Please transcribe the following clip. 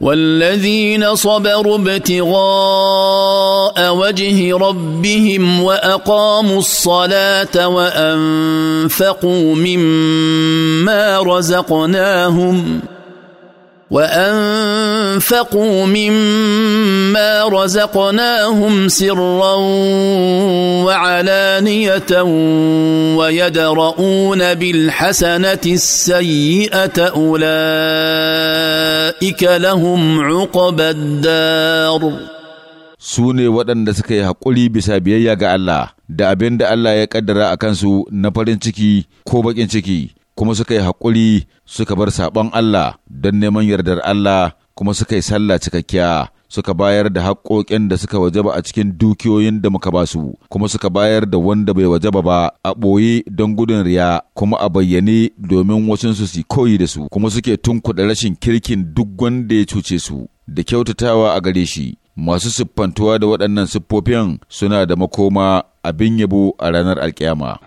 والذين صبروا ابتغاء وجه ربهم واقاموا الصلاه وانفقوا مما رزقناهم وانفقوا مما مما رزقناهم سرا وعلانيه ويدرؤون بالحسنه السيئه اولئك لهم عقبى الدار su ne waɗanda suka yi haƙuri bisa biyayya ga Allah da abinda Allah ya ƙaddara a kansu na farin ciki ko baƙin ciki kuma suka yi haƙuri suka bar saɓon Allah don neman yardar Allah kuma suka yi sallah cikakkiya suka bayar da haƙoƙin da suka wajaba a cikin dukiyoyin da muka basu kuma suka bayar da wanda bai wajaba ba a ɓoye don gudun riya kuma a bayyane domin wasu su koyi da su kuma suke tunkuɗa rashin kirkin duk wanda ya cuce su da kyautatawa a gare shi masu siffantuwa da waɗannan siffofin suna da makoma abin yabo a ranar alƙiyama.